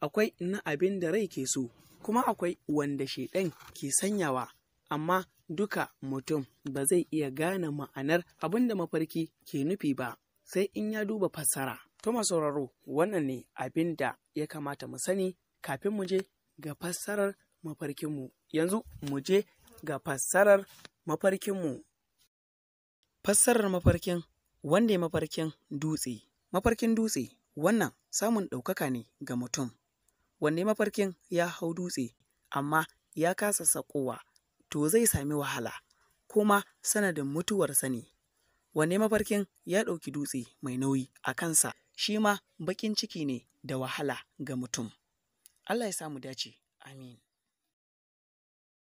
akwai na abin da rai ke so kuma akwai wanda shaidan ke sanyawa amma duka mutum ba zai iya gane ma'anar abin da mafarki ke nufi ba sai in ya duba fassara ta sauraro wannan ne abin da ya kamata mu sani kafin mu je ga fassarar mafarkinmu yanzu mu je ga fassarar mafarkinmu fassarar mafarkin wanda ya mafarkin dutse mafarkin dutse wannan samun ɗaukaka ne ga mutum wanne mafarkin ya hau dutse amma ya kasa sakowa to zai sami wahala kuma sanadin mutuwarsa ne wanne mafarkin ya ɗauki dutse mai nauyi a kansa shi ma bakin ciki ne da wahala ga mutum Allah ya samu dace amin